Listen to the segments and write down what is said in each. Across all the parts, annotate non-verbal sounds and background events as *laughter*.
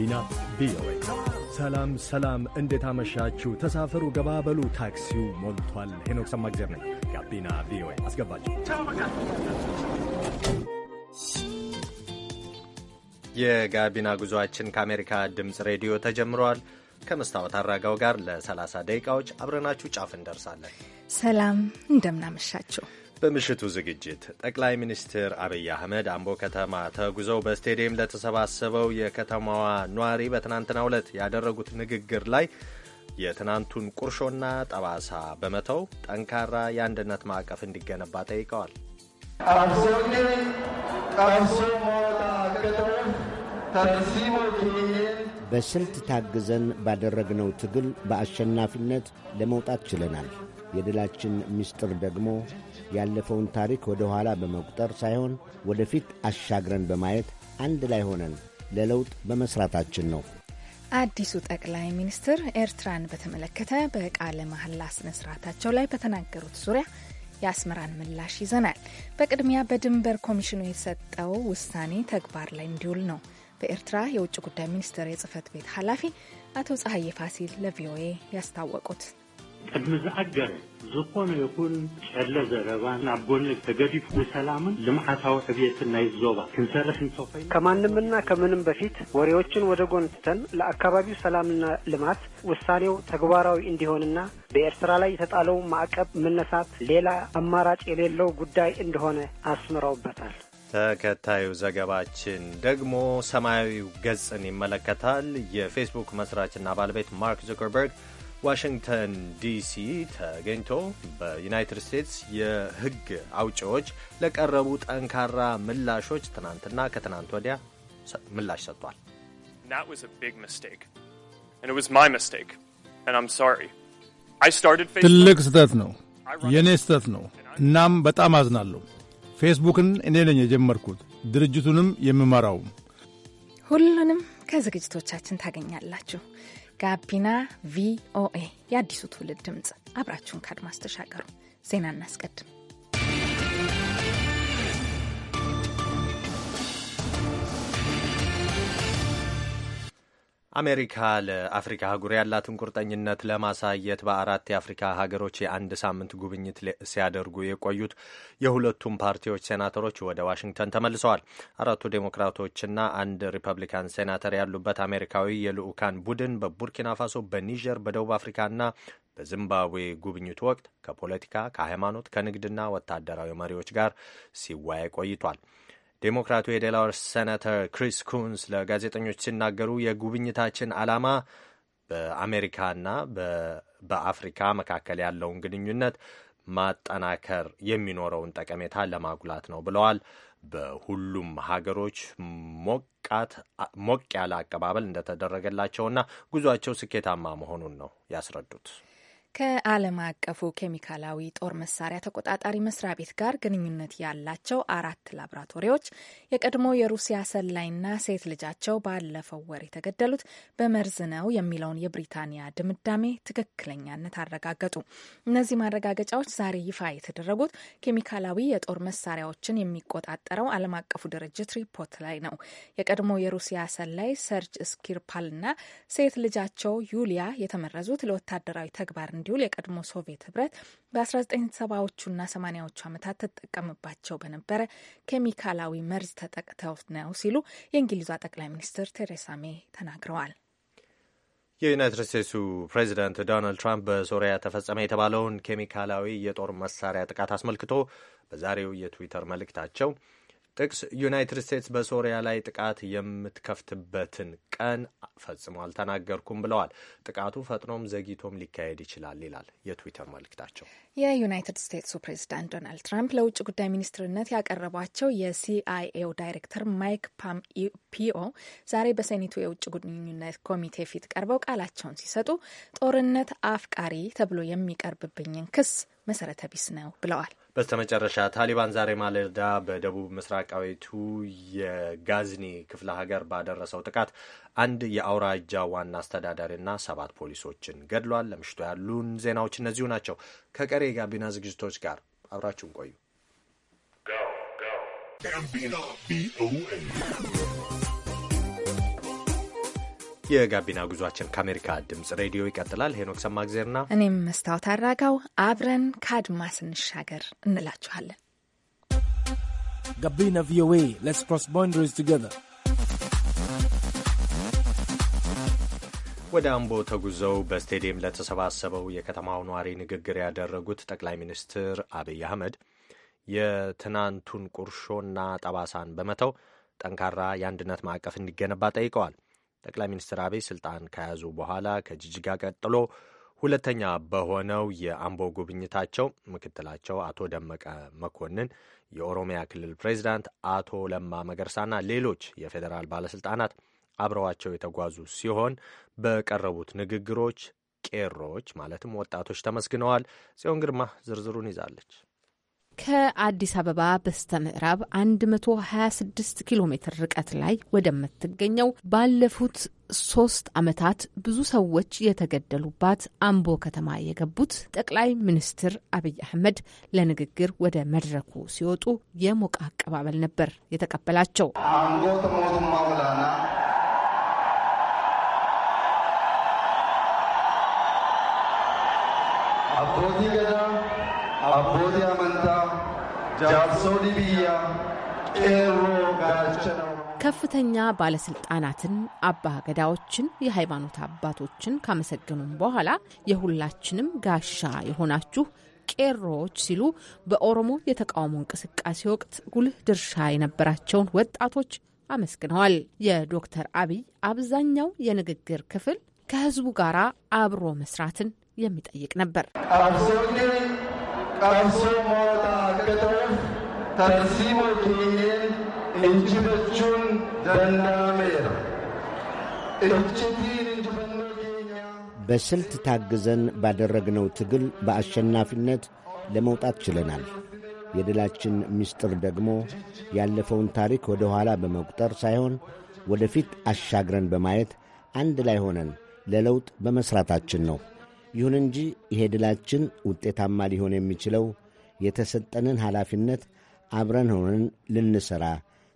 ጋቢና ቪኦኤ። ሰላም ሰላም፣ እንዴት አመሻችሁ? ተሳፈሩ፣ ገባበሉ፣ ታክሲው ሞልቷል። ሄኖክ ሰማግዜር ነኝ። ጋቢና ቪኦኤ አስገባችሁ። የጋቢና ጉዞአችን ከአሜሪካ ድምፅ ሬዲዮ ተጀምረዋል። ከመስታወት አራጋው ጋር ለ30 ደቂቃዎች አብረናችሁ ጫፍ እንደርሳለን። ሰላም፣ እንደምናመሻችሁ በምሽቱ ዝግጅት ጠቅላይ ሚኒስትር አብይ አህመድ አምቦ ከተማ ተጉዘው በስቴዲየም ለተሰባሰበው የከተማዋ ነዋሪ በትናንትናው ዕለት ያደረጉት ንግግር ላይ የትናንቱን ቁርሾና ጠባሳ በመተው ጠንካራ የአንድነት ማዕቀፍ እንዲገነባ ጠይቀዋል። በስልት ታግዘን ባደረግነው ትግል በአሸናፊነት ለመውጣት ችለናል። የድላችን ምስጢር ደግሞ ያለፈውን ታሪክ ወደ ኋላ በመቁጠር ሳይሆን ወደፊት አሻግረን በማየት አንድ ላይ ሆነን ለለውጥ በመስራታችን ነው። አዲሱ ጠቅላይ ሚኒስትር ኤርትራን በተመለከተ በቃለ መሐላ ስነስርዓታቸው ላይ በተናገሩት ዙሪያ የአስመራን ምላሽ ይዘናል። በቅድሚያ በድንበር ኮሚሽኑ የሰጠው ውሳኔ ተግባር ላይ እንዲውል ነው በኤርትራ የውጭ ጉዳይ ሚኒስቴር የጽህፈት ቤት ኃላፊ አቶ ፀሐዬ ፋሲል ለቪኦኤ ያስታወቁት። ዝኣገረ ዝኾነ ይኹን ጨለ ዘረባ ናብ ጎኒ ተገዲፉ ንሰላምን ልምዓታዊ ዕብየትን ናይ ዞባ ክንሰርሕ እንተኮይኑ ከማንምና ከምንም በፊት ወሬዎችን ወደ ጎን ትተን ለአካባቢው ሰላምና ልማት ውሳኔው ተግባራዊ እንዲሆንና በኤርትራ ላይ የተጣለው ማዕቀብ መነሳት ሌላ አማራጭ የሌለው ጉዳይ እንደሆነ አስምረውበታል። ተከታዩ ዘገባችን ደግሞ ሰማያዊ ገጽን ይመለከታል። የፌስቡክ መስራችና ባለቤት ማርክ ዙከርበርግ ዋሽንግተን ዲሲ ተገኝቶ በዩናይትድ ስቴትስ የሕግ አውጪዎች ለቀረቡ ጠንካራ ምላሾች ትናንትና ከትናንት ወዲያ ምላሽ ሰጥቷል። ትልቅ ስህተት ነው፣ የእኔ ስህተት ነው። እናም በጣም አዝናለሁ። ፌስቡክን እኔ ነኝ የጀመርኩት፣ ድርጅቱንም የምመራው። ሁሉንም ከዝግጅቶቻችን ታገኛላችሁ። ጋቢና ቪኦኤ የአዲሱ ትውልድ ድምፅ፣ አብራችሁን ከአድማስ ተሻገሩ። ዜና እናስቀድም። አሜሪካ ለአፍሪካ አህጉር ያላትን ቁርጠኝነት ለማሳየት በአራት የአፍሪካ ሀገሮች የአንድ ሳምንት ጉብኝት ሲያደርጉ የቆዩት የሁለቱም ፓርቲዎች ሴናተሮች ወደ ዋሽንግተን ተመልሰዋል። አራቱ ዴሞክራቶችና አንድ ሪፐብሊካን ሴናተር ያሉበት አሜሪካዊ የልዑካን ቡድን በቡርኪና ፋሶ፣ በኒጀር፣ በደቡብ አፍሪካና በዚምባብዌ ጉብኝቱ ወቅት ከፖለቲካ፣ ከሃይማኖት፣ ከንግድና ወታደራዊ መሪዎች ጋር ሲወያይ ቆይቷል። ዴሞክራቱ የዴላወር ሴናተር ክሪስ ኩንስ ለጋዜጠኞች ሲናገሩ የጉብኝታችን ዓላማ በአሜሪካና በአፍሪካ መካከል ያለውን ግንኙነት ማጠናከር የሚኖረውን ጠቀሜታ ለማጉላት ነው ብለዋል። በሁሉም ሀገሮች ሞቅ ያለ አቀባበል እንደተደረገላቸውና ጉዟቸው ስኬታማ መሆኑን ነው ያስረዱት። ከዓለም አቀፉ ኬሚካላዊ ጦር መሳሪያ ተቆጣጣሪ መስሪያ ቤት ጋር ግንኙነት ያላቸው አራት ላቦራቶሪዎች የቀድሞ የሩሲያ ሰላይና ሴት ልጃቸው ባለፈው ወር የተገደሉት በመርዝ ነው የሚለውን የብሪታንያ ድምዳሜ ትክክለኛነት አረጋገጡ። እነዚህ ማረጋገጫዎች ዛሬ ይፋ የተደረጉት ኬሚካላዊ የጦር መሳሪያዎችን የሚቆጣጠረው ዓለም አቀፉ ድርጅት ሪፖርት ላይ ነው። የቀድሞ የሩሲያ ሰላይ ሰርጅ ስኪርፓልና ሴት ልጃቸው ዩሊያ የተመረዙት ለወታደራዊ ተግባር እንዲውል የቀድሞ ሶቪየት ህብረት በ1970ዎቹና 80ዎቹ ዓመታት ተጠቀምባቸው በነበረ ኬሚካላዊ መርዝ ተጠቅተው ነው ሲሉ የእንግሊዟ ጠቅላይ ሚኒስትር ቴሬሳ ሜይ ተናግረዋል። የዩናይትድ ስቴትሱ ፕሬዚደንት ዶናልድ ትራምፕ በሶሪያ ተፈጸመ የተባለውን ኬሚካላዊ የጦር መሳሪያ ጥቃት አስመልክቶ በዛሬው የትዊተር መልእክታቸው ጥቅስ ዩናይትድ ስቴትስ በሶሪያ ላይ ጥቃት የምትከፍትበትን ቀን ፈጽሞ አልተናገርኩም ብለዋል። ጥቃቱ ፈጥኖም ዘግይቶም ሊካሄድ ይችላል ይላል የትዊተር መልእክታቸው። የዩናይትድ ስቴትሱ ፕሬዚዳንት ዶናልድ ትራምፕ ለውጭ ጉዳይ ሚኒስትርነት ያቀረቧቸው የሲአይኤው ዳይሬክተር ማይክ ፖምፒዮ ዛሬ በሴኔቱ የውጭ ግንኙነት ኮሚቴ ፊት ቀርበው ቃላቸውን ሲሰጡ ጦርነት አፍቃሪ ተብሎ የሚቀርብብኝን ክስ መሰረተ ቢስ ነው ብለዋል። በስተመጨረሻ ታሊባን ዛሬ ማለዳ በደቡብ ምስራቃዊቱ የጋዝኒ ክፍለ ሀገር ባደረሰው ጥቃት አንድ የአውራጃ ዋና አስተዳዳሪና ሰባት ፖሊሶችን ገድሏል። ለምሽቶ ያሉን ዜናዎች እነዚሁ ናቸው። ከቀሪ የጋቢና ዝግጅቶች ጋር አብራችሁን ቆዩ። የጋቢና ጉዟችን ከአሜሪካ ድምፅ ሬዲዮ ይቀጥላል። ሄኖክ ሰማግዜርና እኔም መስታወት አራጋው አብረን ከአድማስ እንሻገር እንላችኋለን። ጋቢና ቪኦኤ ሌትስ ክሮስ ቦንደሪስ ቱጌዘር ወደ አምቦ ተጉዘው በስቴዲየም ለተሰባሰበው የከተማው ነዋሪ ንግግር ያደረጉት ጠቅላይ ሚኒስትር አብይ አህመድ የትናንቱን ቁርሾና ጠባሳን በመተው ጠንካራ የአንድነት ማዕቀፍ እንዲገነባ ጠይቀዋል። ጠቅላይ ሚኒስትር አብይ ስልጣን ከያዙ በኋላ ከጅጅጋ ቀጥሎ ሁለተኛ በሆነው የአምቦ ጉብኝታቸው ምክትላቸው አቶ ደመቀ መኮንን፣ የኦሮሚያ ክልል ፕሬዚዳንት አቶ ለማ መገርሳና ሌሎች የፌዴራል ባለስልጣናት አብረዋቸው የተጓዙ ሲሆን በቀረቡት ንግግሮች ቄሮች ማለትም ወጣቶች ተመስግነዋል። ጽዮን ግርማ ዝርዝሩን ይዛለች። ከአዲስ አበባ በስተ ምዕራብ 126 ኪሎ ሜትር ርቀት ላይ ወደምትገኘው ባለፉት ሶስት ዓመታት ብዙ ሰዎች የተገደሉባት አምቦ ከተማ የገቡት ጠቅላይ ሚኒስትር አብይ አህመድ ለንግግር ወደ መድረኩ ሲወጡ የሞቀ አቀባበል ነበር የተቀበላቸው። አቦቲ ገዳ አቦቲ አመንታ ከፍተኛ ባለስልጣናትን፣ አባ ገዳዎችን፣ የሃይማኖት አባቶችን ካመሰገኑም በኋላ የሁላችንም ጋሻ የሆናችሁ ቄሮዎች ሲሉ በኦሮሞ የተቃውሞ እንቅስቃሴ ወቅት ጉልህ ድርሻ የነበራቸውን ወጣቶች አመስግነዋል። የዶክተር አብይ አብዛኛው የንግግር ክፍል ከህዝቡ ጋር አብሮ መስራትን የሚጠይቅ ነበር። akka ta'uuf injifachuun danda'ameera. injifannoo በስልት ታግዘን ባደረግነው ትግል በአሸናፊነት ለመውጣት ችለናል። የድላችን ምስጢር ደግሞ ያለፈውን ታሪክ ወደ ኋላ በመቁጠር ሳይሆን ወደፊት አሻግረን በማየት አንድ ላይ ሆነን ለለውጥ በመሥራታችን ነው። ይሁን እንጂ ይሄ ድላችን ውጤታማ ሊሆን የሚችለው የተሰጠንን ኃላፊነት አብረን ሆነን ልንሠራ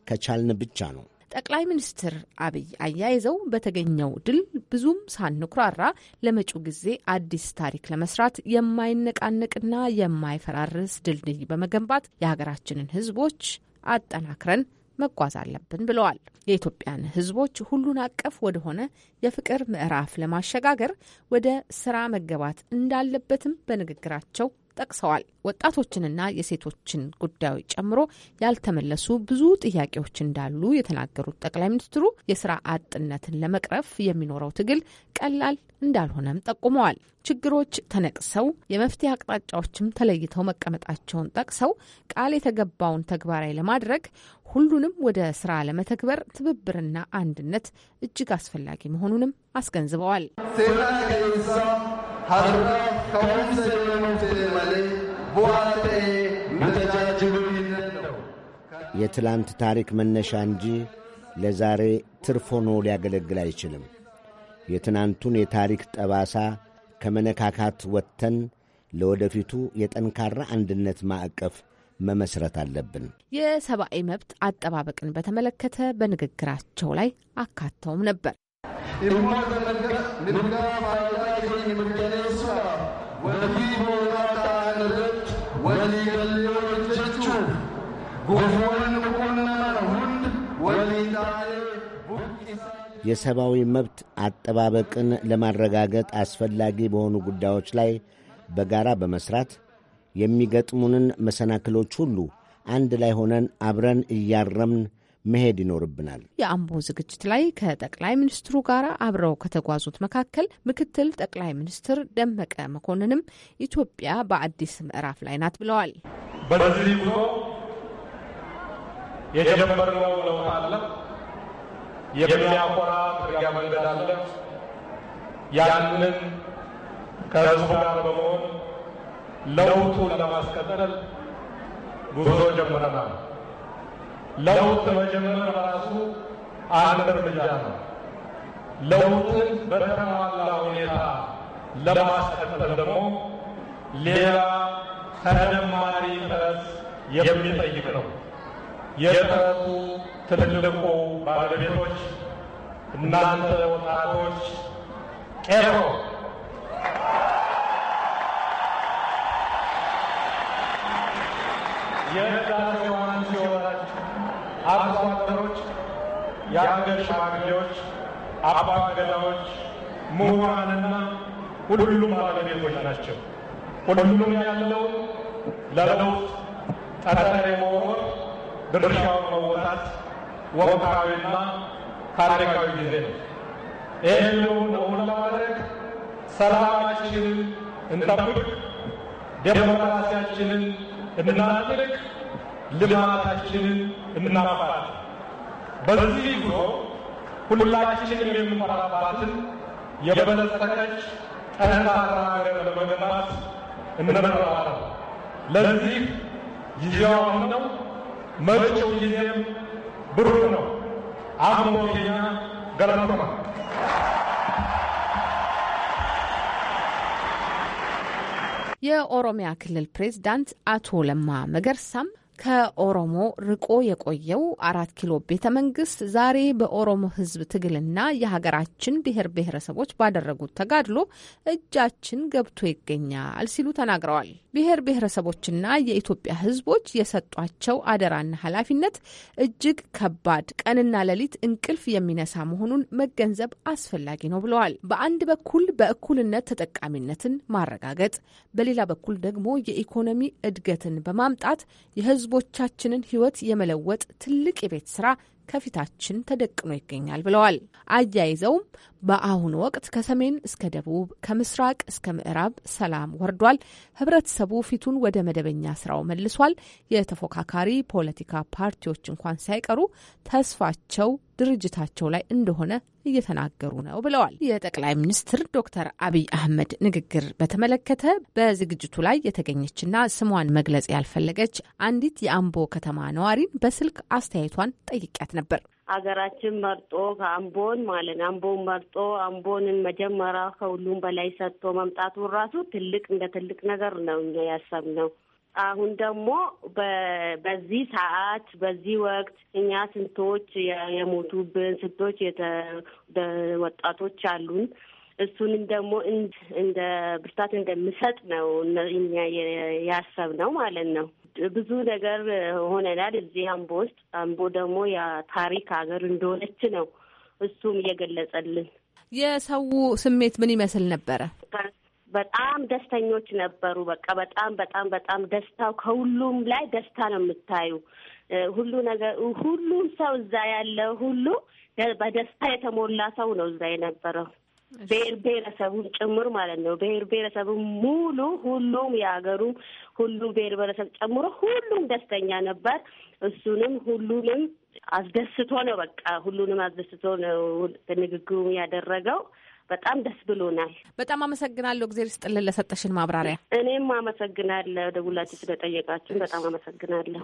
ከቻልን ብቻ ነው። ጠቅላይ ሚኒስትር አብይ አያይዘው በተገኘው ድል ብዙም ሳንኩራራ ለመጪው ጊዜ አዲስ ታሪክ ለመስራት የማይነቃነቅና የማይፈራርስ ድልድይ በመገንባት የሀገራችንን ሕዝቦች አጠናክረን መጓዝ አለብን ብለዋል። የኢትዮጵያን ህዝቦች ሁሉን አቀፍ ወደሆነ የፍቅር ምዕራፍ ለማሸጋገር ወደ ስራ መገባት እንዳለበትም በንግግራቸው ጠቅሰዋል። ወጣቶችንና የሴቶችን ጉዳዮች ጨምሮ ያልተመለሱ ብዙ ጥያቄዎች እንዳሉ የተናገሩት ጠቅላይ ሚኒስትሩ የስራ አጥነትን ለመቅረፍ የሚኖረው ትግል ቀላል እንዳልሆነም ጠቁመዋል። ችግሮች ተነቅሰው የመፍትሄ አቅጣጫዎችም ተለይተው መቀመጣቸውን ጠቅሰው ቃል የተገባውን ተግባራዊ ለማድረግ ሁሉንም ወደ ስራ ለመተግበር ትብብርና አንድነት እጅግ አስፈላጊ መሆኑንም አስገንዝበዋል። የትላንት ታሪክ መነሻ እንጂ ለዛሬ ትርፍ ሆኖ ሊያገለግል አይችልም። የትናንቱን የታሪክ ጠባሳ ከመነካካት ወጥተን ለወደፊቱ የጠንካራ አንድነት ማዕቀፍ መመስረት አለብን። የሰብአዊ መብት አጠባበቅን በተመለከተ በንግግራቸው ላይ አካተውም ነበር። የሰብአዊ መብት አጠባበቅን ለማረጋገጥ አስፈላጊ በሆኑ ጉዳዮች ላይ በጋራ በመስራት የሚገጥሙንን መሰናክሎች ሁሉ አንድ ላይ ሆነን አብረን እያረምን መሄድ ይኖርብናል። የአምቦ ዝግጅት ላይ ከጠቅላይ ሚኒስትሩ ጋር አብረው ከተጓዙት መካከል ምክትል ጠቅላይ ሚኒስትር ደመቀ መኮንንም ኢትዮጵያ በአዲስ ምዕራፍ ላይ ናት ብለዋል። በዚህ ጉዞ የጀመርነው ለውጥ አለ የሚያኮራ መጥረጊያ መንገድ አለ። ያንን ከህዝቡ ጋር በመሆን ለውጡን ለማስቀጠል ጉዞ ጀምረናል። ለውጥ መጀመር በራሱ አንድ እርምጃ ነው። ለውጥን በተሟላ ሁኔታ ለማስቀጠል ደግሞ ሌላ ተጨማሪ ጥረት የሚጠይቅ ነው። የጥረቱ ትልልቁ ባለቤቶች፣ እናንተ ወጣቶች ቄሮ የህዳሴ ውሃን ሲወራችሁ አርሶ አደሮች፣ የሀገር ሽማግሌዎች፣ አባ ገዳዎች፣ ምሁራንና ሁሉም ባለቤቶች ናቸው። ሁሉም ያለውን ለለውጥ ጠጠር የመሆን ድርሻውን መወጣት ወቅታዊና ታሪካዊ ጊዜ ነው። ይህን እውን ለማድረግ ሰላማችንን እንጠብቅ፣ ዴሞክራሲያችንን እናጥልቅ፣ ልማታችንን እናፋት። በዚህ ጉዞ ሁላችንም የምንመራባትን የበለጸገች ጠንካራ ሀገር ለመገንባት እንመራለን። ለዚህ ጊዜው አሁን ነው። መጪው ጊዜም ብሩክ ነው። አምቦ ኬኛ ገለመቶማ የኦሮሚያ ክልል ፕሬዝዳንት አቶ ለማ መገርሳም ከኦሮሞ ርቆ የቆየው አራት ኪሎ ቤተ መንግስት ዛሬ በኦሮሞ ሕዝብ ትግልና የሀገራችን ብሔር ብሔረሰቦች ባደረጉት ተጋድሎ እጃችን ገብቶ ይገኛል ሲሉ ተናግረዋል። ብሔር ብሔረሰቦችና የኢትዮጵያ ህዝቦች የሰጧቸው አደራና ኃላፊነት እጅግ ከባድ፣ ቀንና ሌሊት እንቅልፍ የሚነሳ መሆኑን መገንዘብ አስፈላጊ ነው ብለዋል። በአንድ በኩል በእኩልነት ተጠቃሚነትን ማረጋገጥ፣ በሌላ በኩል ደግሞ የኢኮኖሚ እድገትን በማምጣት የህዝ የህዝቦቻችንን ህይወት የመለወጥ ትልቅ የቤት ስራ ከፊታችን ተደቅኖ ይገኛል ብለዋል። አያይዘውም በአሁኑ ወቅት ከሰሜን እስከ ደቡብ፣ ከምስራቅ እስከ ምዕራብ ሰላም ወርዷል። ህብረተሰቡ ፊቱን ወደ መደበኛ ስራው መልሷል። የተፎካካሪ ፖለቲካ ፓርቲዎች እንኳን ሳይቀሩ ተስፋቸው ድርጅታቸው ላይ እንደሆነ እየተናገሩ ነው ብለዋል። የጠቅላይ ሚኒስትር ዶክተር አብይ አህመድ ንግግር በተመለከተ በዝግጅቱ ላይ የተገኘችና ስሟን መግለጽ ያልፈለገች አንዲት የአምቦ ከተማ ነዋሪን በስልክ አስተያየቷን ጠይቂያት ነበር። አገራችን መርጦ ከአምቦን ማለት አምቦን መርጦ አምቦንን መጀመሪያ ከሁሉም በላይ ሰጥቶ መምጣቱ ራሱ ትልቅ እንደ ትልቅ ነገር ነው እኛ ያሰብነው አሁን ደግሞ በዚህ ሰዓት በዚህ ወቅት እኛ ስንቶች የሞቱብን ስንቶች ወጣቶች አሉን። እሱንም ደግሞ እንደ ብርታት እንደምሰጥ ነው እኛ ያሰብ ነው ማለት ነው። ብዙ ነገር ሆነናል እዚህ አምቦ ውስጥ። አምቦ ደግሞ የታሪክ ሀገር እንደሆነች ነው እሱም እየገለጸልን። የሰው ስሜት ምን ይመስል ነበረ? በጣም ደስተኞች ነበሩ። በቃ በጣም በጣም በጣም ደስታው ከሁሉም ላይ ደስታ ነው የምታዩ ሁሉ ነገር ሁሉም ሰው እዛ ያለ ሁሉ በደስታ የተሞላ ሰው ነው እዛ የነበረው ብሔር ብሔረሰቡን ጭምር ማለት ነው። ብሔር ብሔረሰቡ ሙሉ ሁሉም የሀገሩ ሁሉም ብሔር ብሔረሰብ ጨምሮ ሁሉም ደስተኛ ነበር። እሱንም ሁሉንም አስደስቶ ነው በቃ ሁሉንም አስደስቶ ነው ንግግሩ ያደረገው። በጣም ደስ ብሎናል። በጣም አመሰግናለሁ። እግዜር ስጥልን ለሰጠሽን ማብራሪያ። እኔም አመሰግናለሁ። ደውላችሁ ስለጠየቃችሁን በጣም አመሰግናለሁ።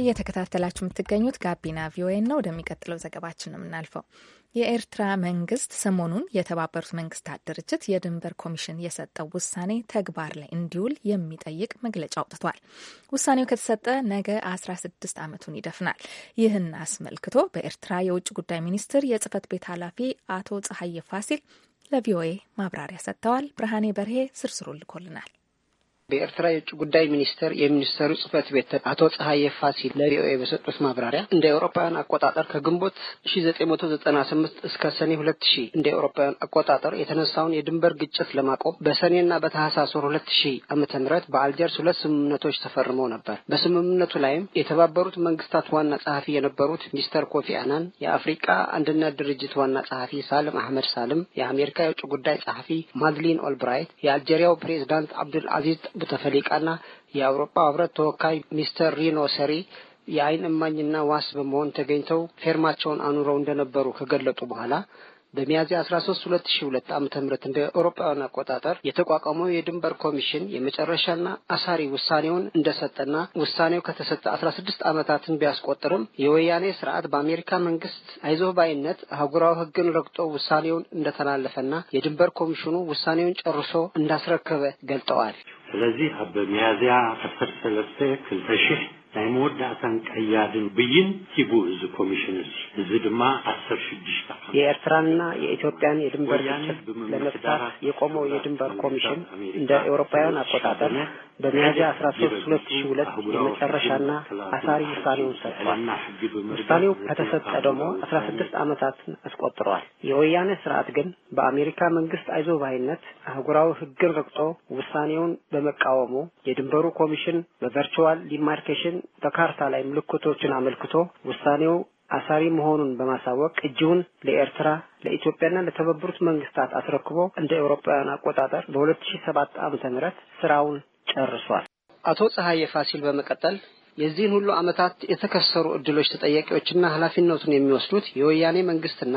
እየተከታተላችሁ የምትገኙት ጋቢና ቪኦኤ ነው። ወደሚቀጥለው ዘገባችን ነው የምናልፈው። የኤርትራ መንግስት ሰሞኑን የተባበሩት መንግስታት ድርጅት የድንበር ኮሚሽን የሰጠው ውሳኔ ተግባር ላይ እንዲውል የሚጠይቅ መግለጫ አውጥቷል። ውሳኔው ከተሰጠ ነገ 16 ዓመቱን ይደፍናል። ይህን አስመልክቶ በኤርትራ የውጭ ጉዳይ ሚኒስትር የጽህፈት ቤት ኃላፊ አቶ ፀሐየ ፋሲል ለቪኦኤ ማብራሪያ ሰጥተዋል። ብርሃኔ በርሄ ስርስሩን ልኮልናል። በኤርትራ የውጭ ጉዳይ ሚኒስቴር የሚኒስቴሩ ጽህፈት ቤት አቶ ፀሐየ ፋሲል ለቪኦኤ በሰጡት ማብራሪያ እንደ ኤውሮፓውያን አቆጣጠር ከግንቦት 1998 እስከ ሰኔ ሺ እንደ ኤውሮፓውያን አቆጣጠር የተነሳውን የድንበር ግጭት ለማቆም በሰኔና በታህሳስ ወር 2000 ዓ.ም በአልጀርስ ሁለት ስምምነቶች ተፈርመው ነበር። በስምምነቱ ላይም የተባበሩት መንግስታት ዋና ጸሐፊ የነበሩት ሚስተር ኮፊ አናን፣ የአፍሪቃ አንድነት ድርጅት ዋና ጸሐፊ ሳልም አህመድ ሳልም፣ የአሜሪካ የውጭ ጉዳይ ጸሐፊ ማድሊን ኦልብራይት፣ የአልጄሪያው ፕሬዚዳንት አብዱል አዚዝ ቡተፈሊቃና የአውሮፓ ህብረት ተወካይ ሚስተር ሪኖ ሰሪ የአይን እማኝና ዋስ በመሆን ተገኝተው ፌርማቸውን አኑረው እንደነበሩ ከገለጡ በኋላ በሚያዝያ 13 2002 ዓ.ም እንደ አውሮፓውያን አቆጣጠር የተቋቋመው የድንበር ኮሚሽን የመጨረሻና አሳሪ ውሳኔውን እንደሰጠና ውሳኔው ከተሰጠ 16 ዓመታትን ቢያስቆጥርም የወያኔ ስርዓት በአሜሪካ መንግስት አይዞህ ባይነት አህጉራዊ ህግን ረግጦ ውሳኔውን እንደተላለፈና የድንበር ኮሚሽኑ ውሳኔውን ጨርሶ እንዳስረከበ ገልጠዋል። ስለዚህ በሚያዝያ 13 2000 ሳይመወድ አሳን ቀያድን ብይን ሂቡ እዚ ኮሚሽን እዚ እዚ ድማ አስር ሽዱሽተ የኤርትራንና የኢትዮጵያን የድንበር ግጭት ለመፍታት የቆመው የድንበር ኮሚሽን እንደ ኤውሮፓውያን አቆጣጠር በሚያዝያ 13 2002 የመጨረሻና አሳሪ ውሳኔውን ሰጥቷል። ውሳኔው ከተሰጠ ደግሞ አስራ ስድስት አመታትን አስቆጥሯል። የወያነ ስርዓት ግን በአሜሪካ መንግስት አይዞ ባይነት አህጉራዊ ህግን ረግጦ ውሳኔውን በመቃወሙ የድንበሩ ኮሚሽን በቨርቹዋል ዲማርኬሽን በካርታ ላይ ምልክቶችን አመልክቶ ውሳኔው አሳሪ መሆኑን በማሳወቅ እጅውን ለኤርትራ ለኢትዮጵያና ለተባበሩት መንግስታት አስረክቦ እንደ ኤውሮፓውያን አቆጣጠር በ2007 ዓ.ም ስራውን ጨርሷል። አቶ ፀሐይ ፋሲል በመቀጠል የዚህን ሁሉ ዓመታት የተከሰሩ እድሎች ተጠያቂዎችና ኃላፊነቱን የሚወስዱት የወያኔ መንግስትና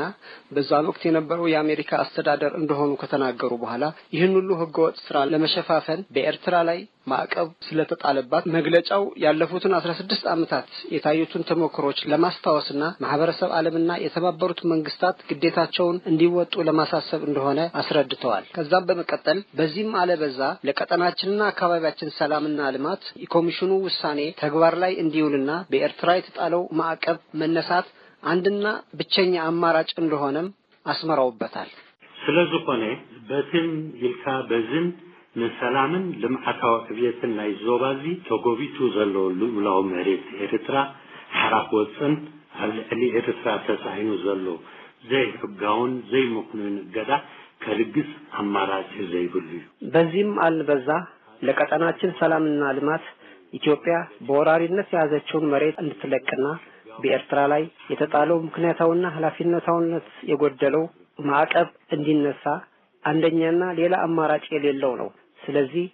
በዛን ወቅት የነበረው የአሜሪካ አስተዳደር እንደሆኑ ከተናገሩ በኋላ ይህን ሁሉ ህገወጥ ስራ ለመሸፋፈን በኤርትራ ላይ ማዕቀብ ስለተጣለባት መግለጫው ያለፉትን አስራ ስድስት ዓመታት የታዩትን ተሞክሮች ለማስታወስና ማህበረሰብ ዓለምና የተባበሩት መንግስታት ግዴታቸውን እንዲወጡ ለማሳሰብ እንደሆነ አስረድተዋል። ከዛም በመቀጠል በዚህም አለበዛ ለቀጠናችንና አካባቢያችን ሰላምና ልማት የኮሚሽኑ ውሳኔ ተግባር ተግባር ላይ እንዲውልና በኤርትራ የተጣለው ማዕቀብ መነሳት አንድና ብቸኛ አማራጭ እንደሆነም አስመራውበታል። ስለዝኾነ በትን ይልካ በዝን ንሰላምን ልምዓታዊ ዕብየትን ናይ ዞባዚ ተጎቢቱ ዘሎ ልዑላዊ መሬት ኤርትራ ሓራፍ ወፅን ኣብ ልዕሊ ኤርትራ ተሳሂኑ ዘሎ ዘይሕጋውን ዘይምኽኑን እገዳ ከልግስ ኣማራፂ ዘይብሉ እዩ በዚህም አልበዛ ለቀጠናችን ሰላምና ልማት ኢትዮጵያ በወራሪነት የያዘችውን መሬት እንድትለቅና በኤርትራ ላይ የተጣለው ምክንያታውና ኃላፊነታውነት የጎደለው ማዕቀብ እንዲነሳ አንደኛና ሌላ አማራጭ የሌለው ነው። ስለዚህ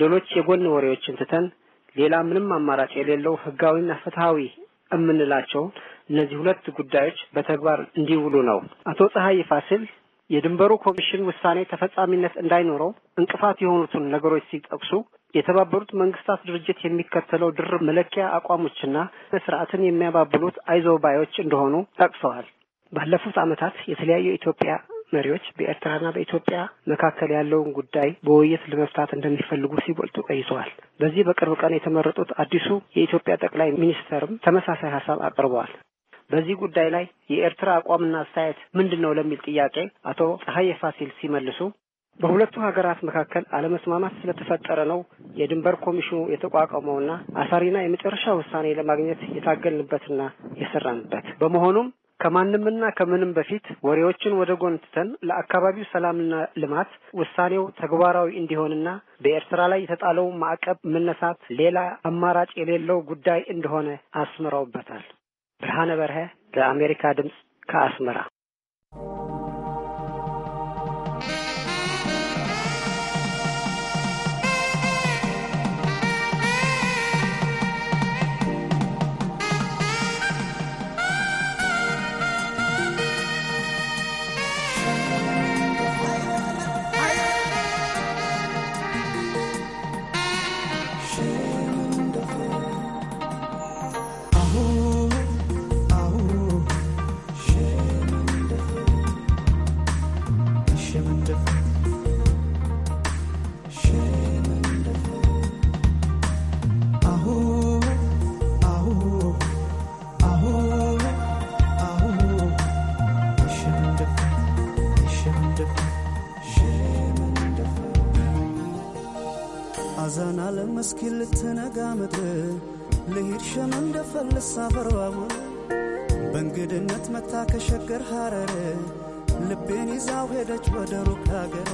ሌሎች የጎን ወሬዎችን ትተን ሌላ ምንም አማራጭ የሌለው ህጋዊና ፍትሃዊ የምንላቸው እነዚህ ሁለት ጉዳዮች በተግባር እንዲውሉ ነው። አቶ ፀሐይ ፋሲል የድንበሩ ኮሚሽን ውሳኔ ተፈጻሚነት እንዳይኖረው እንቅፋት የሆኑትን ነገሮች ሲጠቅሱ የተባበሩት መንግስታት ድርጅት የሚከተለው ድር መለኪያ አቋሞችና ስርዓትን የሚያባብሉት አይዞባዮች እንደሆኑ ጠቅሰዋል። ባለፉት ዓመታት የተለያዩ የኢትዮጵያ መሪዎች በኤርትራና በኢትዮጵያ መካከል ያለውን ጉዳይ በውይይት ለመፍታት እንደሚፈልጉ ሲገልጡ ቆይተዋል። በዚህ በቅርብ ቀን የተመረጡት አዲሱ የኢትዮጵያ ጠቅላይ ሚኒስትርም ተመሳሳይ ሀሳብ አቅርበዋል። በዚህ ጉዳይ ላይ የኤርትራ አቋምና አስተያየት ምንድን ነው ለሚል ጥያቄ አቶ ፀሐየ ፋሲል ሲመልሱ በሁለቱ ሀገራት መካከል አለመስማማት ስለተፈጠረ ነው የድንበር ኮሚሽኑ የተቋቋመውና አሳሪና የመጨረሻ ውሳኔ ለማግኘት የታገልንበትና የሰራንበት በመሆኑም ከማንምና ከምንም በፊት ወሬዎችን ወደ ጎን ትተን ለአካባቢው ሰላምና ልማት ውሳኔው ተግባራዊ እንዲሆንና በኤርትራ ላይ የተጣለው ማዕቀብ መነሳት ሌላ አማራጭ የሌለው ጉዳይ እንደሆነ አስምረውበታል። ብርሃነ በርሀ ለአሜሪካ ድምፅ ከአስመራ ልትነጋ ምድር ልሂድ ሸመን ደፈልሳ በርባቡ በእንግድነት መታ ከሸገር ሐረር ልቤን ይዛው ሄደች ወደ ሩቅ አገር።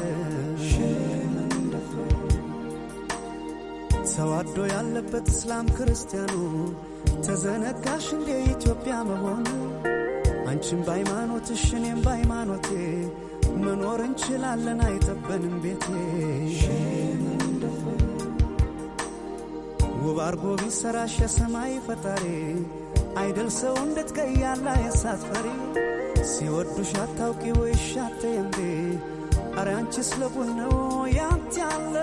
ተዋዶ ያለበት እስላም ክርስቲያኑ ተዘነጋሽ እንዴ ኢትዮጵያ መሆኑ አንቺም በሃይማኖትሽ እኔም በሃይማኖቴ መኖር እንችላለን አይጠበንም ቤቴ ውብ አርጎ ቢሰራሽ የሰማይ ፈጣሪ አይደል ሰው እንዴት ቀያላ የሳትፈሪ ሲወዱሽ አታውቂ ወይሻቴ እንዴ አረ አንቺ ስለቁን ነው ያንት ያለ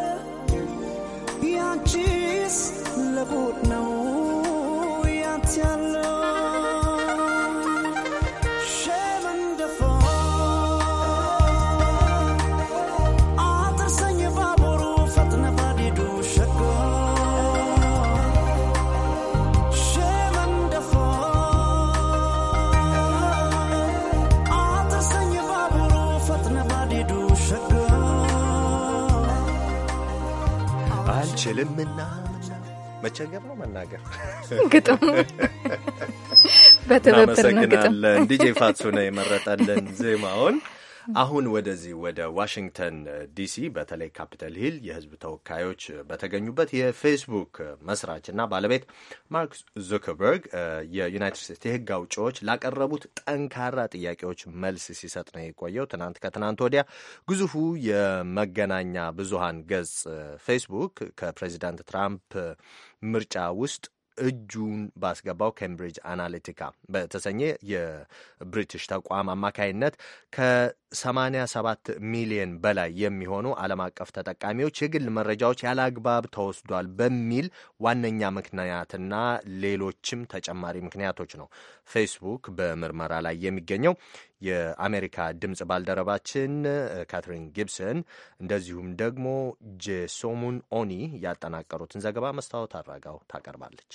አልችልምና መቸገር ገባ መናገር ግጥም በትብብር ነው ግጥም። ዲጄ ፋቱ ነው የመረጠልን ዜማውን። አሁን ወደዚህ ወደ ዋሽንግተን ዲሲ በተለይ ካፒተል ሂል የህዝብ ተወካዮች በተገኙበት የፌስቡክ መስራችና ባለቤት ማርክ ዙከርበርግ የዩናይትድ ስቴትስ የህግ አውጪዎች ላቀረቡት ጠንካራ ጥያቄዎች መልስ ሲሰጥ ነው የቆየው። ትናንት ከትናንት ወዲያ ግዙፉ የመገናኛ ብዙሃን ገጽ ፌስቡክ ከፕሬዚዳንት ትራምፕ ምርጫ ውስጥ እጁን ባስገባው ኬምብሪጅ አናሊቲካ በተሰኘ የብሪቲሽ ተቋም አማካይነት ከ87 ሚሊዮን በላይ የሚሆኑ ዓለም አቀፍ ተጠቃሚዎች የግል መረጃዎች ያለ አግባብ ተወስዷል በሚል ዋነኛ ምክንያትና ሌሎችም ተጨማሪ ምክንያቶች ነው ፌስቡክ በምርመራ ላይ የሚገኘው። የአሜሪካ ድምፅ ባልደረባችን ካትሪን ጊብሰን እንደዚሁም ደግሞ ጄሶሙን ኦኒ ያጠናቀሩትን ዘገባ መስታወት አድራጋው ታቀርባለች።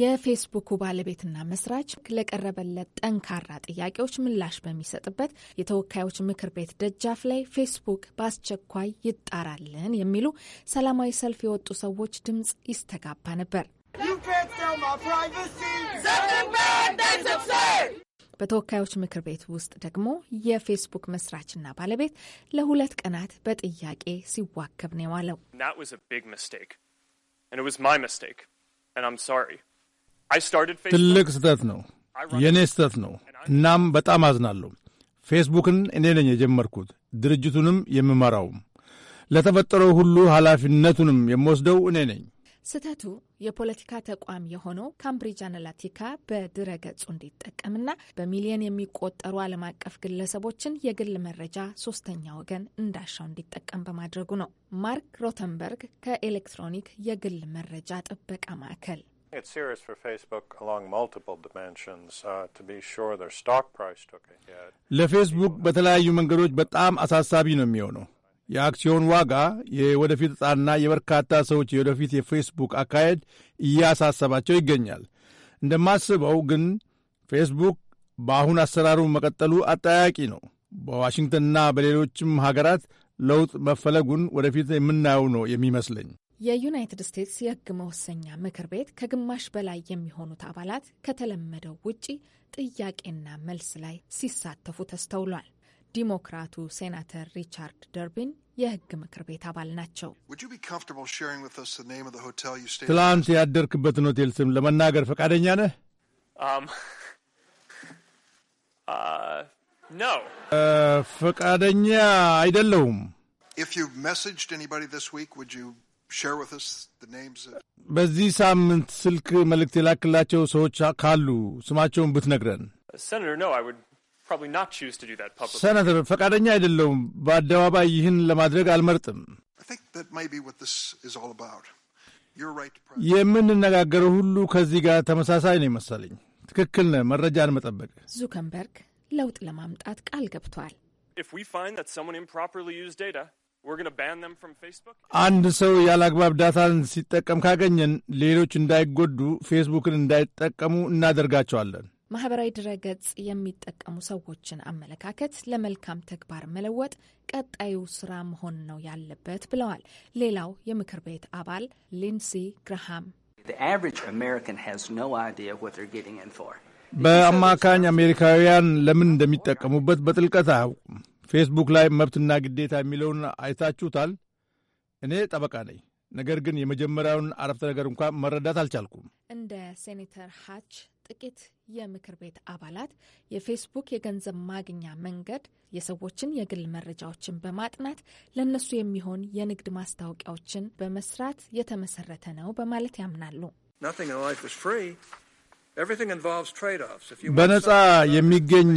የፌስቡኩ ባለቤትና መስራች ለቀረበለት ጠንካራ ጥያቄዎች ምላሽ በሚሰጥበት የተወካዮች ምክር ቤት ደጃፍ ላይ ፌስቡክ በአስቸኳይ ይጣራልን የሚሉ ሰላማዊ ሰልፍ የወጡ ሰዎች ድምፅ ይስተጋባ ነበር። በተወካዮች ምክር ቤት ውስጥ ደግሞ የፌስቡክ መስራችና ባለቤት ለሁለት ቀናት በጥያቄ ሲዋከብ ነው የዋለው። ትልቅ ስህተት ነው፣ የእኔ ስህተት ነው። እናም በጣም አዝናለሁ። ፌስቡክን እኔ ነኝ የጀመርኩት፣ ድርጅቱንም የምመራውም፣ ለተፈጠረው ሁሉ ኃላፊነቱንም የምወስደው እኔ ነኝ። ስህተቱ የፖለቲካ ተቋም የሆነው ካምብሪጅ አናላቲካ በድረ ገጹ እንዲጠቀምና በሚሊዮን የሚቆጠሩ ዓለም አቀፍ ግለሰቦችን የግል መረጃ ሶስተኛ ወገን እንዳሻው እንዲጠቀም በማድረጉ ነው። ማርክ ሮተንበርግ ከኤሌክትሮኒክ የግል መረጃ ጥበቃ ማዕከል uh, ለፌስቡክ በተለያዩ መንገዶች በጣም አሳሳቢ ነው የሚሆነው የአክሲዮን ዋጋ፣ የወደፊት ዕጣና የበርካታ ሰዎች የወደፊት የፌስቡክ አካሄድ እያሳሰባቸው ይገኛል። እንደማስበው ግን ፌስቡክ በአሁን አሰራሩ መቀጠሉ አጠያቂ ነው። በዋሽንግተንና በሌሎችም ሀገራት ለውጥ መፈለጉን ወደፊት የምናየው ነው የሚመስለኝ። የዩናይትድ ስቴትስ የሕግ መወሰኛ ምክር ቤት ከግማሽ በላይ የሚሆኑት አባላት ከተለመደው ውጪ ጥያቄና መልስ ላይ ሲሳተፉ ተስተውሏል። ዲሞክራቱ ሴናተር ሪቻርድ ደርቢን የህግ ምክር ቤት አባል ናቸው። ትላንት ያደርክበትን ሆቴል ስም ለመናገር ፈቃደኛ ነህ? Um, *laughs* uh, ፈቃደኛ አይደለውም። በዚህ ሳምንት ስልክ መልእክት የላክላቸው ሰዎች ካሉ ስማቸውን ብትነግረን። uh, ሰናተር ፈቃደኛ አይደለውም። በአደባባይ ይህን ለማድረግ አልመርጥም። የምንነጋገረው ሁሉ ከዚህ ጋር ተመሳሳይ ነው ይመስለኝ። ትክክል ነህ። መረጃን መጠበቅ። ዙከንበርግ ለውጥ ለማምጣት ቃል ገብቷል። አንድ ሰው ያለአግባብ ዳታን ሲጠቀም ካገኘን ሌሎች እንዳይጎዱ ፌስቡክን እንዳይጠቀሙ እናደርጋቸዋለን። ማህበራዊ ድረገጽ የሚጠቀሙ ሰዎችን አመለካከት ለመልካም ተግባር መለወጥ ቀጣዩ ስራ መሆን ነው ያለበት ብለዋል። ሌላው የምክር ቤት አባል ሊንሲ ግርሃም በአማካኝ አሜሪካውያን ለምን እንደሚጠቀሙበት በጥልቀት አያውቁም። ፌስቡክ ላይ መብትና ግዴታ የሚለውን አይታችሁታል። እኔ ጠበቃ ነኝ፣ ነገር ግን የመጀመሪያውን አረፍተ ነገር እንኳን መረዳት አልቻልኩም። እንደ ሴኔተር ሃች ጥቂት የምክር ቤት አባላት የፌስቡክ የገንዘብ ማግኛ መንገድ የሰዎችን የግል መረጃዎችን በማጥናት ለእነሱ የሚሆን የንግድ ማስታወቂያዎችን በመስራት የተመሰረተ ነው በማለት ያምናሉ። በነጻ የሚገኝ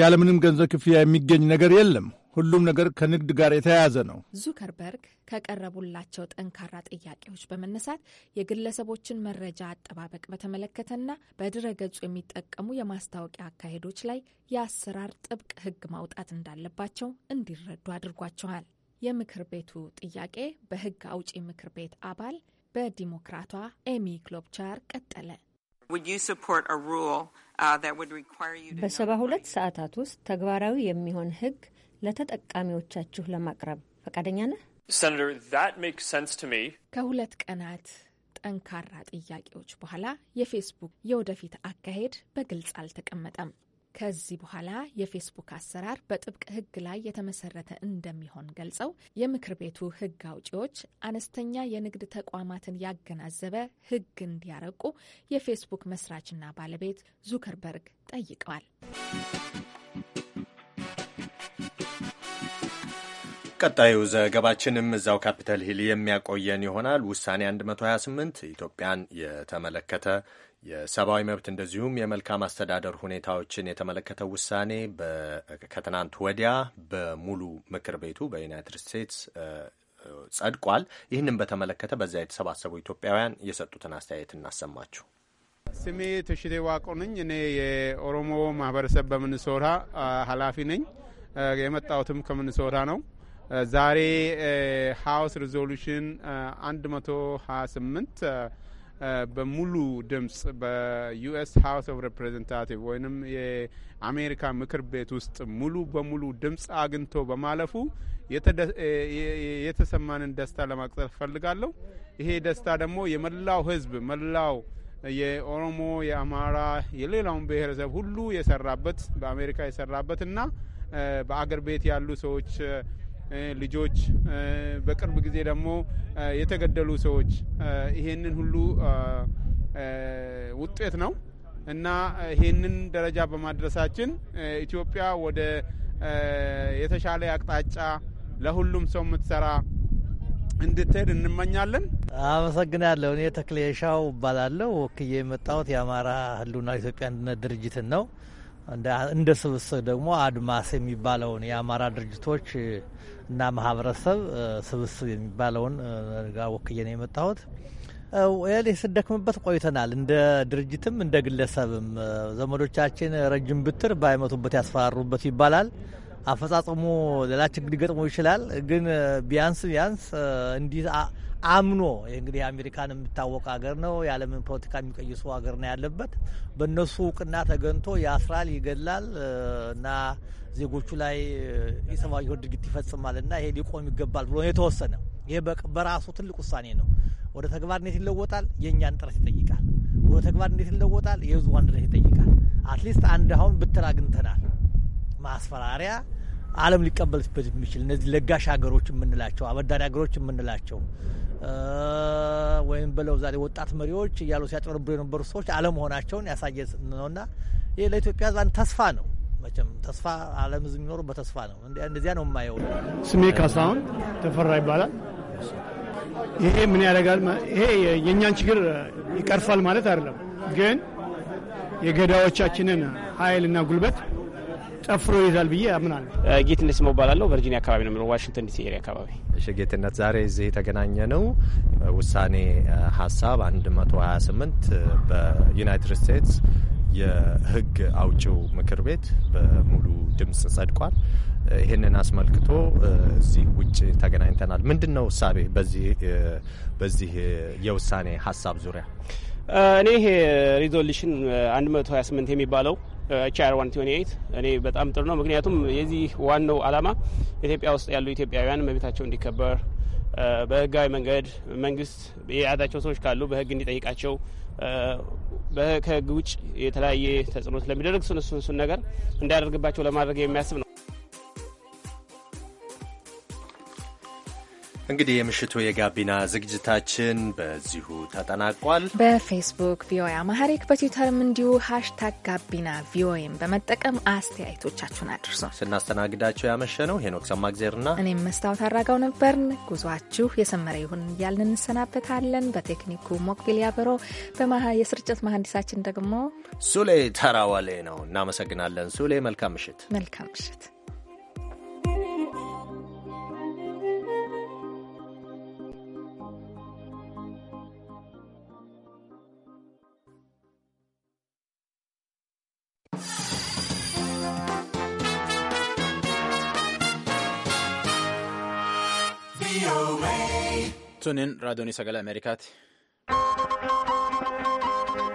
ያለምንም ገንዘብ ክፍያ የሚገኝ ነገር የለም። ሁሉም ነገር ከንግድ ጋር የተያያዘ ነው። ዙከርበርግ ከቀረቡላቸው ጠንካራ ጥያቄዎች በመነሳት የግለሰቦችን መረጃ አጠባበቅ በተመለከተና በድረገጹ የሚጠቀሙ የማስታወቂያ አካሄዶች ላይ የአሰራር ጥብቅ ሕግ ማውጣት እንዳለባቸው እንዲረዱ አድርጓቸዋል። የምክር ቤቱ ጥያቄ በሕግ አውጪ ምክር ቤት አባል በዲሞክራቷ ኤሚ ክሎብቻር ቀጠለ። uh, በሰባ ሁለት ሰዓታት ውስጥ ተግባራዊ የሚሆን ሕግ ለተጠቃሚዎቻችሁ ለማቅረብ ፈቃደኛ ነህ? ከሁለት ቀናት ጠንካራ ጥያቄዎች በኋላ የፌስቡክ የወደፊት አካሄድ በግልጽ አልተቀመጠም። ከዚህ በኋላ የፌስቡክ አሰራር በጥብቅ ሕግ ላይ የተመሰረተ እንደሚሆን ገልጸው የምክር ቤቱ ሕግ አውጪዎች አነስተኛ የንግድ ተቋማትን ያገናዘበ ሕግ እንዲያረቁ የፌስቡክ መስራችና ባለቤት ዙከርበርግ ጠይቀዋል። ቀጣዩ ዘገባችንም እዛው ካፒታል ሂል የሚያቆየን ይሆናል። ውሳኔ 128 ኢትዮጵያን የተመለከተ የሰብአዊ መብት እንደዚሁም የመልካም አስተዳደር ሁኔታዎችን የተመለከተ ውሳኔ ከትናንት ወዲያ በሙሉ ምክር ቤቱ በዩናይትድ ስቴትስ ጸድቋል። ይህንን በተመለከተ በዚያ የተሰባሰቡ ኢትዮጵያውያን የሰጡትን አስተያየት እናሰማችሁ። ስሜ ትሽቴ ዋቆ ነኝ። እኔ የኦሮሞ ማህበረሰብ በምንሶራ ኃላፊ ነኝ። የመጣሁትም ከምንሶራ ነው። Uh, ዛሬ ሀውስ ሪዞሉሽን 128 በሙሉ ድምጽ በዩኤስ ሀውስ ኦፍ ሬፕሬዘንታቲቭ ወይም የአሜሪካ ምክር ቤት ውስጥ ሙሉ በሙሉ ድምጽ አግኝቶ በማለፉ uh, የተሰማንን ደስታ ለማቅጠር እፈልጋለሁ። ይሄ ደስታ ደግሞ የመላው ህዝብ መላው የኦሮሞ፣ የአማራ፣ የሌላውን ብሔረሰብ ሁሉ የሰራበት በአሜሪካ የሰራበት እና uh, በአገር ቤት ያሉ ሰዎች ልጆች፣ በቅርብ ጊዜ ደግሞ የተገደሉ ሰዎች ይሄንን ሁሉ ውጤት ነው እና ይሄንን ደረጃ በማድረሳችን ኢትዮጵያ ወደ የተሻለ አቅጣጫ ለሁሉም ሰው የምትሰራ እንድትሄድ እንመኛለን። አመሰግናለሁ። እኔ ተክሌሻው እባላለሁ። ወክዬ የመጣሁት የአማራ ሕልውና ኢትዮጵያ አንድነት ድርጅትን ነው። እንደ ስብስብ ደግሞ አድማስ የሚባለውን የአማራ ድርጅቶች እና ማህበረሰብ ስብስብ የሚባለውን ጋር ወክዬ ነው የመጣሁት። ስደክምበት ቆይተናል። እንደ ድርጅትም እንደ ግለሰብም ዘመዶቻችን ረጅም ብትር ባይመቱበት ያስፈራሩበት ይባላል። አፈጻጸሙ ሌላ ችግር ሊገጥሞ ይችላል። ግን ቢያንስ ቢያንስ እንዲህ አምኖ እንግዲህ አሜሪካን የሚታወቅ ሀገር ነው። የዓለምን ፖለቲካ የሚቀይሱ ሀገር ነው ያለበት። በእነሱ እውቅና ተገንቶ ያስራል፣ ይገላል እና ዜጎቹ ላይ የሰብአዊ ሕይወት ድርጊት ይፈጽማል እና ይሄ ሊቆም ይገባል ብሎ የተወሰነ ይሄ በራሱ ትልቅ ውሳኔ ነው። ወደ ተግባር እንዴት ይለወጣል? የእኛን ጥረት ይጠይቃል። ወደ ተግባር እንዴት ይለወጣል? የህዝቡ አንድነት ይጠይቃል። አትሊስት አንድ አሁን ብትር አግኝተናል። ማስፈራሪያ ዓለም ሊቀበልበት የሚችል እነዚህ ለጋሽ ሀገሮች የምንላቸው አበዳሪ ሀገሮች የምንላቸው ወይም ብለው ዛሬ ወጣት መሪዎች እያሉ ሲያጭበረብሩ የነበሩ ሰዎች አለመሆናቸውን ያሳየ ነውና ይህ ለኢትዮጵያ ዛን ተስፋ ነው። መቼም ተስፋ ዓለም ሕዝብ የሚኖሩ በተስፋ ነው። እንደዚያ ነው የማየው። ስሜ ካሳሁን ተፈራ ይባላል። ይሄ ምን ያደርጋል? ይሄ የእኛን ችግር ይቀርፋል ማለት አይደለም፣ ግን የገዳዎቻችንን ኃይልና ጉልበት ጨፍሮ ይይዛል ብዬ አምናለሁ። ጌትነት ስሞ እባላለሁ። ቨርጂኒያ አካባቢ ነው የምኖረው፣ ዋሽንግተን ዲሲ ኤሪያ አካባቢ። እሺ ጌትነት፣ ዛሬ እዚህ የተገናኘ ነው ውሳኔ ሀሳብ 128 በዩናይትድ ስቴትስ የህግ አውጪው ምክር ቤት በሙሉ ድምፅ ጸድቋል። ይህንን አስመልክቶ እዚህ ውጭ ተገናኝተናል። ምንድን ነው እሳቤ በዚህ የውሳኔ ሀሳብ ዙሪያ? እኔ ይሄ ሪዞሉሽን 128 የሚባለው ኤችአር 128 እኔ በጣም ጥሩ ነው። ምክንያቱም የዚህ ዋናው ዓላማ ኢትዮጵያ ውስጥ ያሉ ኢትዮጵያውያን መብታቸው እንዲከበር በህጋዊ መንገድ መንግስት የያዛቸው ሰዎች ካሉ በህግ እንዲጠይቃቸው ከህግ ውጭ የተለያየ ተጽዕኖ ስለሚደረግ ስንሱንሱን ነገር እንዳያደርግባቸው ለማድረግ የሚያስብ ነው። እንግዲህ የምሽቱ የጋቢና ዝግጅታችን በዚሁ ተጠናቋል። በፌስቡክ ቪኦኤ አማሐሪክ በትዊተርም እንዲሁ ሀሽታግ ጋቢና ቪኦኤም በመጠቀም አስተያየቶቻችሁን አድርሶ ስናስተናግዳቸው ያመሸ ነው ሄኖክ ሰማግዜርና እኔም መስታወት አራጋው ነበርን። ጉዟችሁ የሰመረ ይሁን እያልን እንሰናበታለን። በቴክኒኩ ሞክቢል ያበሮ፣ የስርጭት መሀንዲሳችን ደግሞ ሱሌ ተራዋሌ ነው። እናመሰግናለን ሱሌ። መልካም ምሽት። መልካም ምሽት። Tuniin raadiyoonii sagalee Ameerikaati.